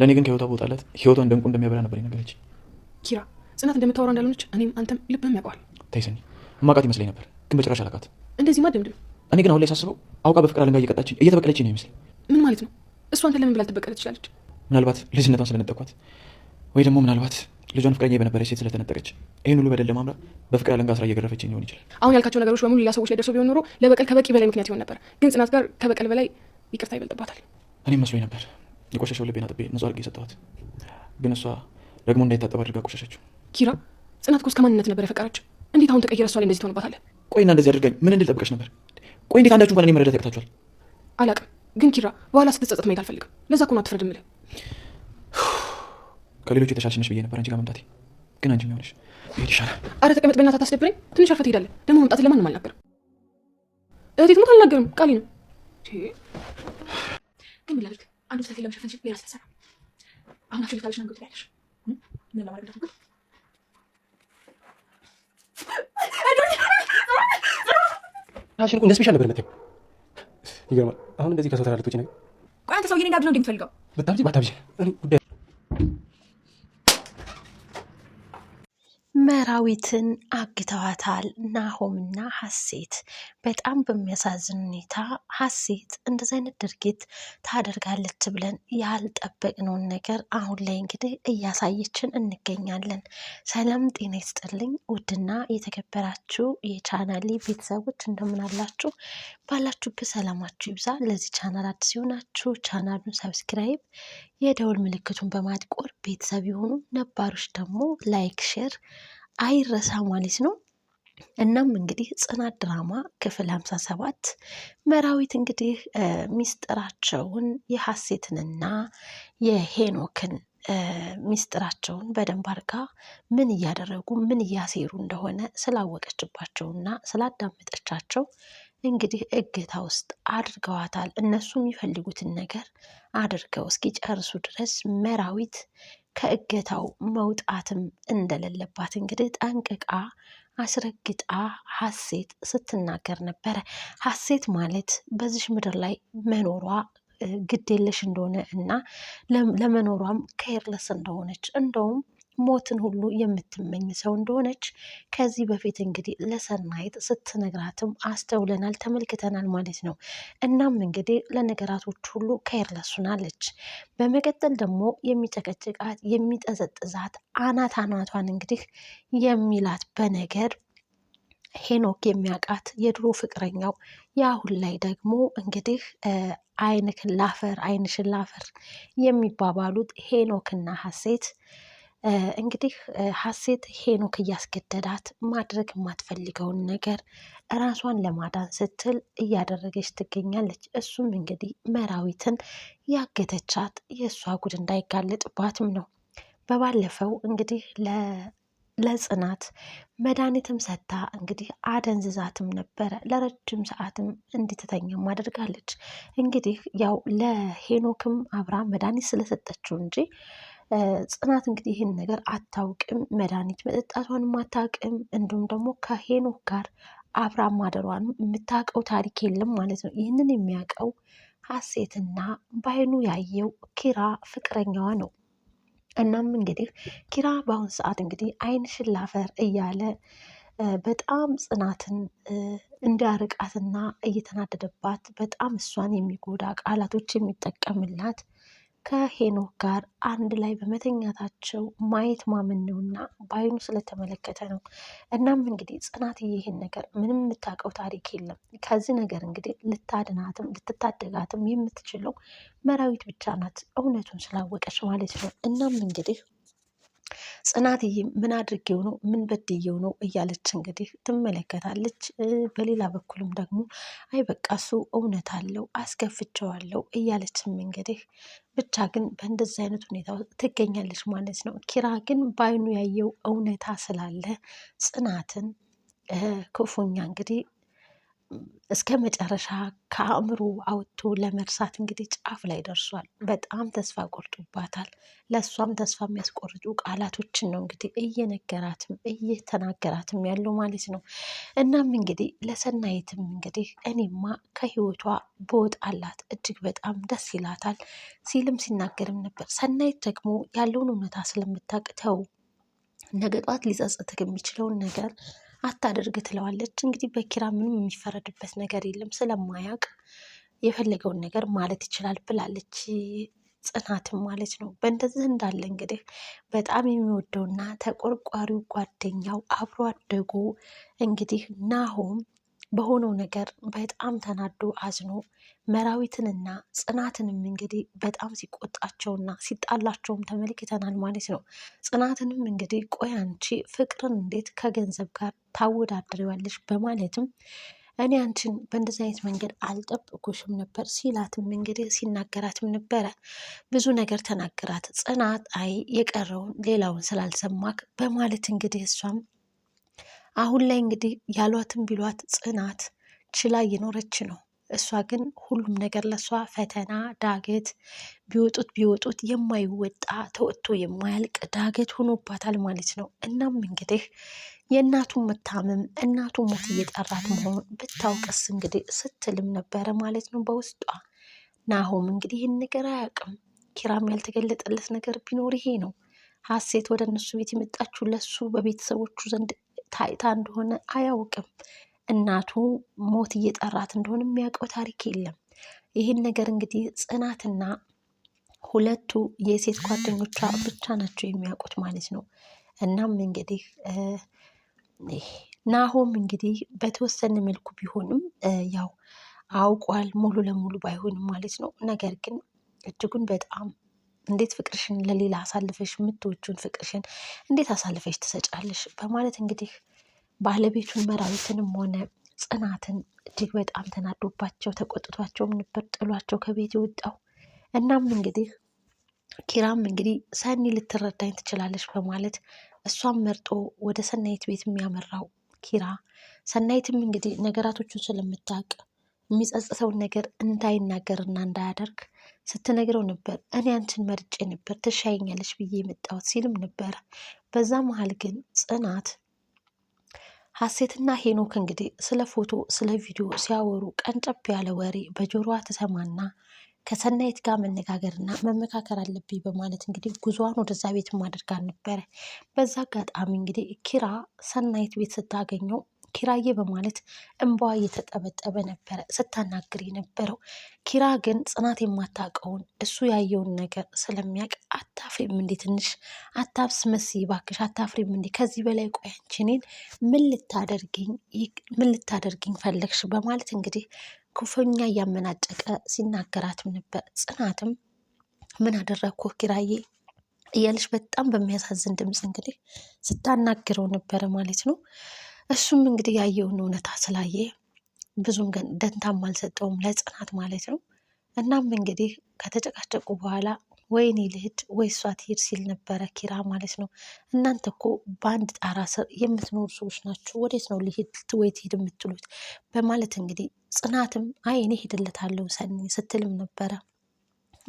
ለእኔ ግን ከህይወቷ በወጣለት ህይወቷን እንደንቁ እንደሚያበላ ነበር የነገረች። ኪራ ጽናት እንደምታወራ እንዳልሆነች እኔም አንተም ልብህም ያውቀዋል። ታይሰኒ ሰኒ ይመስለኝ ነበር፣ ግን በጭራሽ እንደዚህ ማ ደምድም። እኔ ግን አሁን ላይ ሳስበው አውቃ በፍቅር አለንጋ እየቀጣችን እየተበቀለች ነው ይመስለኝ። ምን ማለት ነው? እሷ አንተ ለምን ብላ ልትበቀለ ትችላለች? ምናልባት ልጅነቷን ስለነጠቅኳት ወይ ደግሞ ምናልባት ልጇን ፍቅረኛ በነበረች ሴት ስለተነጠቀች ይህን ሁሉ በደል ለማምራ በፍቅር አለንጋ ስራ እየገረፈች ሊሆን ይችላል። አሁን ያልካቸው ነገሮች በሙሉ ሌላ ሰዎች ላይ ደርሰው ቢሆን ኖሮ ለበቀል ከበቂ በላይ ምክንያት ይሆን ነበር። ግን ጽናት ጋር ከበቀል በላይ ይቅርታ ይበልጥባታል። እኔም መስሎኝ ነበር። የቆሻሻው ልቤን አጥቤ ንጹህ አድርጌ የሰጠኋት፣ ግን እሷ ደግሞ እንዳይታጠብ አድርጋ ቆሻሻችው። ኪራ ጽናት ኮስ ከማንነት ነበር ያፈቀራችሁ። እንዴት አሁን ተቀይረ እሷ ላይ እንደዚህ ትሆንባታለህ? ቆይና እንደዚህ አድርጋኝ ምን እንድል ጠብቀሽ ነበር? ቆይ እንዴት አንዳችሁ እንኳን መረዳት ያቅታችኋል? አላቅም፣ ግን ኪራ በኋላ ስትጸጸት ማየት አልፈልግም። ለዛ ኮኑ አትፍረድ ምልህ ከሌሎቹ የተሻልሽ ብዬ ነበር አንቺ ጋር መምጣቴ፣ ግን አንጅ የሚሆንሽ ይሄድ ይሻላል። አረ ተቀመጥ በእናትህ አታስደብረኝ። ትንሽ አርፈት ሄዳለ ደግሞ መምጣት ለማንም አልናገርም። እህቴ ትሞት አልናገርም። ቃሌ ነው። ግን ምላልክ አንዱ ሰፊ ለመሸፈን ሲል ሌላ ሲሰራ አሁን አክቹዋሊ ካልሽ ነገር ትያለሽ ምን ለማድረግ ደፍግ ራሽን እኮ እንደ ነበር መታየው። ይገርማል። አሁን እንደዚህ ከሰው ተራለቶች ነገር ቆይ አንተ ሰውዬ እኔ እንዳብድ ነው እንደምትፈልገው ብታብጂ ባታብጂ ጉዳይ መራዊትን አግተዋታል ናሆምና ሀሴት። በጣም በሚያሳዝን ሁኔታ ሀሴት እንደዚህ አይነት ድርጊት ታደርጋለች ብለን ያልጠበቅነውን ነገር አሁን ላይ እንግዲህ እያሳየችን እንገኛለን። ሰላም ጤና ይስጥልኝ ውድና የተከበራችሁ የቻናሌ ቤተሰቦች እንደምን አላችሁ? ባላችሁበት ሰላማችሁ ይብዛ። ለዚህ ቻናል አዲስ የሆናችሁ ቻናሉን ሰብስክራይብ፣ የደውል ምልክቱን በማጥቆር ቤተሰብ የሆኑ ነባሮች ደግሞ ላይክ፣ ሼር አይረሳ ማለት ነው። እናም እንግዲህ ጽናት ድራማ ክፍል 57 መራዊት እንግዲህ ሚስጥራቸውን የሐሴትንና የሄኖክን ሚስጥራቸውን በደንብ አድርጋ ምን እያደረጉ ምን እያሴሩ እንደሆነ ስላወቀችባቸውና ስላዳመጠቻቸው እንግዲህ እገታ ውስጥ አድርገዋታል። እነሱ የሚፈልጉትን ነገር አድርገው እስኪጨርሱ ድረስ መራዊት ከእገታው መውጣትም እንደሌለባት እንግዲህ ጠንቅቃ አስረግጣ ሀሴት ስትናገር ነበረ። ሀሴት ማለት በዚሽ ምድር ላይ መኖሯ ግድ የለሽ እንደሆነ እና ለመኖሯም ከየርለስ እንደሆነች እንደውም ሞትን ሁሉ የምትመኝ ሰው እንደሆነች ከዚህ በፊት እንግዲህ ለሰናይት ስትነግራትም አስተውለናል፣ ተመልክተናል ማለት ነው። እናም እንግዲህ ለነገራቶች ሁሉ ከየርለሱናለች። በመቀጠል ደግሞ የሚጨቀጭቃት የሚጠዘጥዛት አናት አናቷን እንግዲህ የሚላት በነገር ሄኖክ የሚያውቃት የድሮ ፍቅረኛው የአሁን ላይ ደግሞ እንግዲህ አይንክን ላፈር አይንሽን ላፈር የሚባባሉት ሄኖክና ሀሴት እንግዲህ ሀሴት ሄኖክ እያስገደዳት ማድረግ የማትፈልገውን ነገር እራሷን ለማዳን ስትል እያደረገች ትገኛለች። እሱም እንግዲህ መራዊትን ያገተቻት የእሷ ጉድ እንዳይጋለጥባትም ነው። በባለፈው እንግዲህ ለጽናት መድኃኒትም ሰጥታ እንግዲህ አደንዝዛትም ነበረ። ለረጅም ሰዓትም እንዲትተኛም አድርጋለች። እንግዲህ ያው ለሄኖክም አብራ መድኃኒት ስለሰጠችው እንጂ ጽናት እንግዲህ ይህን ነገር አታውቅም፣ መድኃኒት መጠጣቷንም አታውቅም። እንዲሁም ደግሞ ከሄኖክ ጋር አብራ ማደሯን የምታውቀው ታሪክ የለም ማለት ነው። ይህንን የሚያውቀው ሀሴትና በአይኑ ያየው ኪራ ፍቅረኛዋ ነው። እናም እንግዲህ ኪራ በአሁን ሰዓት እንግዲህ አይን ሽላፈር እያለ በጣም ጽናትን እንዲያርቃትና እየተናደደባት በጣም እሷን የሚጎዳ ቃላቶች የሚጠቀምላት ከሄኖክ ጋር አንድ ላይ በመተኛታቸው ማየት ማመን እና በአይኑ ስለተመለከተ ነው። እናም እንግዲህ ጽናት ይህን ነገር ምንም የምታውቀው ታሪክ የለም። ከዚህ ነገር እንግዲህ ልታድናትም ልትታደጋትም የምትችለው መራዊት ብቻ ናት፣ እውነቱን ስላወቀች ማለት ነው። እናም እንግዲህ ጽናትዬ ምን አድርጌው ነው ምን በድየው ነው እያለች እንግዲህ ትመለከታለች። በሌላ በኩልም ደግሞ አይ በቃ እሱ እውነት አለው አስከፍቸዋለው እያለችም እንግዲህ ብቻ ግን በእንደዚህ አይነት ሁኔታ ትገኛለች ማለት ነው። ኪራ ግን በአይኑ ያየው እውነታ ስላለ ጽናትን ክፉኛ እንግዲህ እስከ መጨረሻ ከአእምሮ አውጥቶ ለመርሳት እንግዲህ ጫፍ ላይ ደርሷል። በጣም ተስፋ ቆርጡባታል። ለእሷም ተስፋ የሚያስቆርጡ ቃላቶችን ነው እንግዲህ እየነገራትም እየተናገራትም ያለው ማለት ነው። እናም እንግዲህ ለሰናይትም እንግዲህ እኔማ ከህይወቷ በወጣላት እጅግ በጣም ደስ ይላታል ሲልም ሲናገርም ነበር። ሰናይት ደግሞ ያለውን እውነታ ስለምታውቅ ተው ነገ ጧት የሚችለውን ነገር አታደርግ ትለዋለች። እንግዲህ በኪራ ምንም የሚፈረድበት ነገር የለም ስለማያውቅ የፈለገውን ነገር ማለት ይችላል ብላለች ጽናትም ማለት ነው። በእንደዚህ እንዳለ እንግዲህ በጣም የሚወደውና ተቆርቋሪው ጓደኛው አብሮ አደጉ እንግዲህ ናሆም በሆነው ነገር በጣም ተናዶ አዝኖ መራዊትንና ጽናትንም እንግዲህ በጣም ሲቆጣቸውና ሲጣላቸውም ተመልክተናል ማለት ነው። ጽናትንም እንግዲህ ቆይ አንቺ ፍቅርን እንዴት ከገንዘብ ጋር ታወዳድሪዋለሽ? በማለትም እኔ አንቺን በእንደዚህ አይነት መንገድ አልጠብኩሽም ነበር ሲላትም እንግዲህ ሲናገራትም ነበረ። ብዙ ነገር ተናገራት ጽናት። አይ የቀረውን ሌላውን ስላልሰማክ በማለት እንግዲህ እሷም አሁን ላይ እንግዲህ ያሏትን ቢሏት ጽናት ችላ እየኖረች ነው። እሷ ግን ሁሉም ነገር ለሷ ፈተና ዳገት፣ ቢወጡት ቢወጡት የማይወጣ ተወጥቶ የማያልቅ ዳገት ሆኖባታል ማለት ነው። እናም እንግዲህ የእናቱን መታመም እናቱ ሞት እየጠራት መሆኑን ብታውቅስ እንግዲህ ስትልም ነበረ ማለት ነው በውስጧ። ናሆም እንግዲህ ይህን ነገር አያውቅም። ኪራም ያልተገለጠለት ነገር ቢኖር ይሄ ነው። ሀሴት ወደ እነሱ ቤት የመጣችው ለሱ በቤተሰቦቹ ዘንድ ታይታ እንደሆነ አያውቅም። እናቱ ሞት እየጠራት እንደሆነ የሚያውቀው ታሪክ የለም። ይህን ነገር እንግዲህ ጽናትና ሁለቱ የሴት ጓደኞቿ ብቻ ናቸው የሚያውቁት ማለት ነው። እናም እንግዲህ ናሆም እንግዲህ በተወሰነ መልኩ ቢሆንም ያው አውቋል፣ ሙሉ ለሙሉ ባይሆንም ማለት ነው። ነገር ግን እጅጉን በጣም እንዴት ፍቅርሽን ለሌላ አሳልፈሽ የምትወጁን ፍቅርሽን እንዴት አሳልፈሽ ትሰጫለሽ? በማለት እንግዲህ ባለቤቱን መራዊትንም ሆነ ጽናትን እጅግ በጣም ተናዶባቸው ተቆጥቷቸውም ነበር ጥሏቸው ከቤት የወጣው። እናም እንግዲህ ኪራም እንግዲህ ሰኒ ልትረዳኝ ትችላለች በማለት እሷም መርጦ ወደ ሰናይት ቤት የሚያመራው ኪራ ሰናይትም እንግዲህ ነገራቶቹን ስለምታውቅ የሚጸጽተውን ነገር እንዳይናገርና እንዳያደርግ ስትነግረው ነበር። እኔ አንቺን መርጬ ነበር ትሻይኛለች ብዬ የመጣሁት ሲልም ነበር በዛ መሀል ግን ጽናት ሀሴትና ሄኖክ እንግዲህ ስለ ፎቶ ስለ ቪዲዮ ሲያወሩ ቀንጨብ ያለ ወሬ በጆሮዋ ትሰማና ከሰናይት ጋር መነጋገርና መመካከር አለብኝ በማለት እንግዲህ ጉዞዋን ወደዛ ቤት ማድረግ ነበረ። በዛ አጋጣሚ እንግዲህ ኪራ ሰናይት ቤት ስታገኘው ኪራዬ በማለት እንባዋ እየተጠበጠበ ነበረ ስታናግር የነበረው። ኪራ ግን ጽናት የማታውቀውን እሱ ያየውን ነገር ስለሚያውቅ አታፍሪም እንዴ? ትንሽ አታብስ መስ ባክሽ፣ አታፍሪም እንዴ? ከዚህ በላይ ቆይ፣ አንቺ እኔን ምን ልታደርግኝ ፈለግሽ? በማለት እንግዲህ ክፉኛ እያመናጨቀ ሲናገራትም ነበር። ጽናትም ምን አደረግኩ ኪራዬ እያለች በጣም በሚያሳዝን ድምፅ እንግዲህ ስታናግረው ነበረ ማለት ነው። እሱም እንግዲህ ያየውን እውነታ ስላየ ብዙም ደንታም አልሰጠውም ለጽናት ማለት ነው። እናም እንግዲህ ከተጨቃጨቁ በኋላ ወይኔ ልሂድ ወይ እሷ ትሂድ ሲል ነበረ ኪራ ማለት ነው። እናንተ እኮ በአንድ ጣራ ስር የምትኖሩ ሰዎች ናችሁ፣ ወዴት ነው ልሂድ ወይ ትሂድ የምትሉት? በማለት እንግዲህ ጽናትም አይ እኔ ሄድለታለሁ ሰኒ ስትልም ነበረ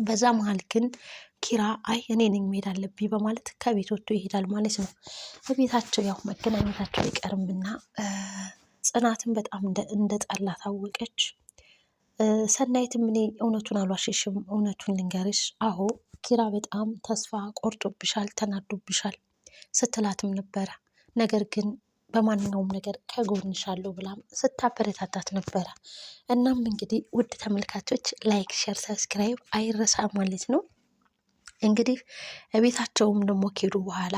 በዛ መሀል ግን ኪራ አይ እኔ ነኝ መሄድ አለብኝ በማለት ከቤት ወጥቶ ይሄዳል ማለት ነው። በቤታቸው ያው መገናኘታቸው ይቀርምና ጽናትን በጣም እንደ ጠላ ታወቀች። ሰናይትም እኔ እውነቱን አልዋሸሽም፣ እውነቱን ልንገርሽ፣ አሁ ኪራ በጣም ተስፋ ቆርጦብሻል፣ ተናዶብሻል ስትላትም ነበረ። ነገር ግን በማንኛውም ነገር ከጎንሽ አለሁ ብላም ስታበረታታት ነበረ። እናም እንግዲህ ውድ ተመልካቾች ላይክ፣ ሸር፣ ሰብስክራይብ አይረሳ ማለት ነው። እንግዲህ እቤታቸውም ደግሞ ከሄዱ በኋላ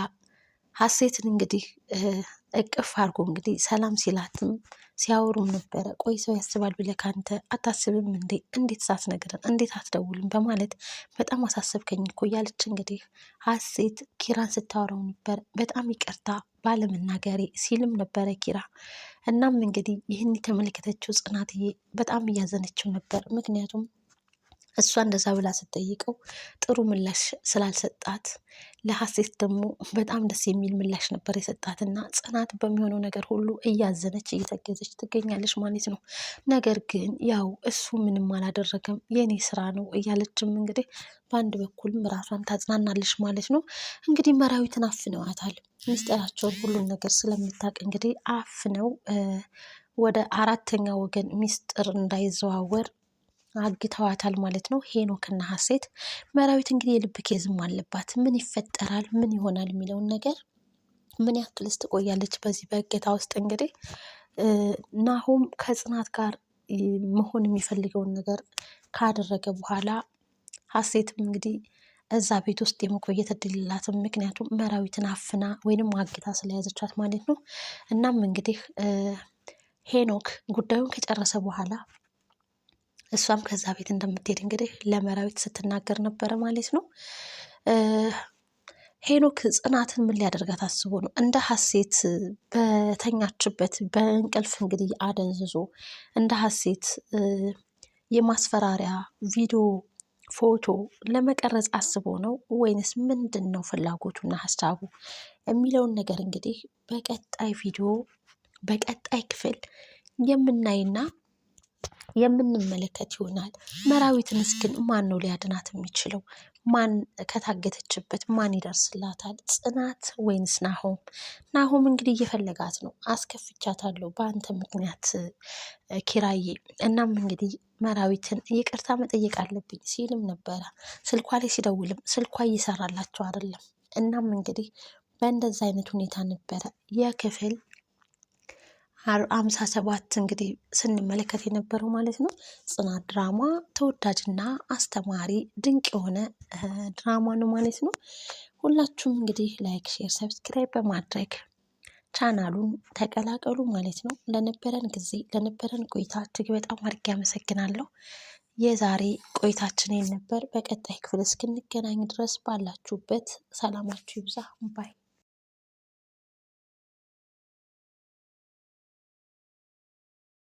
ሀሴትን እንግዲህ እቅፍ አድርጎ እንግዲህ ሰላም ሲላትም ሲያወሩም ነበረ። ቆይ ሰው ያስባል ብለህ ካንተ አታስብም እንዴ? እንዴት ሳትነግረን እንዴት አትደውልም? በማለት በጣም አሳሰብከኝ እኮ እያለች እንግዲህ ሀሴት ኪራን ስታወራው ነበር። በጣም ይቅርታ ባለመናገሬ ሲልም ነበረ ኪራ። እናም እንግዲህ ይህን የተመለከተችው ጽናትዬ በጣም እያዘነችው ነበር። ምክንያቱም እሷ እንደዛ ብላ ስትጠይቀው ጥሩ ምላሽ ስላልሰጣት ለሀሴት ደግሞ በጣም ደስ የሚል ምላሽ ነበር የሰጣትና ጽናት በሚሆነው ነገር ሁሉ እያዘነች እየተገዘች ትገኛለች ማለት ነው። ነገር ግን ያው እሱ ምንም አላደረገም የኔ ስራ ነው እያለችም እንግዲህ በአንድ በኩልም ራሷን ታጽናናለች ማለት ነው። እንግዲህ መራዊትን አፍነዋታል። ሚስጥራቸውን ሁሉን ነገር ስለምታውቅ እንግዲህ አፍነው ወደ አራተኛ ወገን ሚስጥር እንዳይዘዋወር አግተዋታል ማለት ነው። ሄኖክና ሀሴት መራዊት እንግዲህ የልብ ኬዝም አለባት። ምን ይፈጠራል፣ ምን ይሆናል የሚለውን ነገር ምን ያክልስ ትቆያለች በዚህ በእገታ ውስጥ እንግዲህ ናሆም ከጽናት ጋር መሆን የሚፈልገውን ነገር ካደረገ በኋላ ሀሴትም እንግዲህ እዛ ቤት ውስጥ የመቆየት እድልላትም ምክንያቱም መራዊትን አፍና ወይንም አግታ ስለያዘቻት ማለት ነው። እናም እንግዲህ ሄኖክ ጉዳዩን ከጨረሰ በኋላ እሷም ከዛ ቤት እንደምትሄድ እንግዲህ ለመራዊት ስትናገር ነበረ ማለት ነው። ሄኖክ ጽናትን ምን ሊያደርጋት አስቦ ነው? እንደ ሀሴት በተኛችበት በእንቅልፍ እንግዲህ አደንዝዞ እንደ ሀሴት የማስፈራሪያ ቪዲዮ ፎቶ ለመቀረጽ አስቦ ነው ወይንስ ምንድን ነው ፍላጎቱና ሀሳቡ የሚለውን ነገር እንግዲህ በቀጣይ ቪዲዮ በቀጣይ ክፍል የምናይና የምንመለከት ይሆናል። መራዊትንስ ግን ማን ነው ሊያድናት የሚችለው? ማን ከታገተችበት ማን ይደርስላታል? ጽናት ወይንስ ናሆም? ናሆም እንግዲህ እየፈለጋት ነው። አስከፍቻታለሁ በአንተ ምክንያት ኪራዬ፣ እናም እንግዲህ መራዊትን ይቅርታ መጠየቅ አለብኝ ሲልም ነበረ። ስልኳ ላይ ሲደውልም ስልኳ እየሰራላቸው አይደለም። እናም እንግዲህ በእንደዛ አይነት ሁኔታ ነበረ የክፍል አምሳ ሰባት እንግዲህ ስንመለከት የነበረው ማለት ነው። ጽናት ድራማ ተወዳጅና አስተማሪ ድንቅ የሆነ ድራማ ነው ማለት ነው። ሁላችሁም እንግዲህ ላይክ፣ ሼር፣ ሰብስክራይብ በማድረግ ቻናሉን ተቀላቀሉ ማለት ነው። ለነበረን ጊዜ ለነበረን ቆይታ እጅግ በጣም አድርጌ አመሰግናለሁ። የዛሬ ቆይታችን ነበር። በቀጣይ ክፍል እስክንገናኝ ድረስ ባላችሁበት ሰላማችሁ ይብዛ ባይ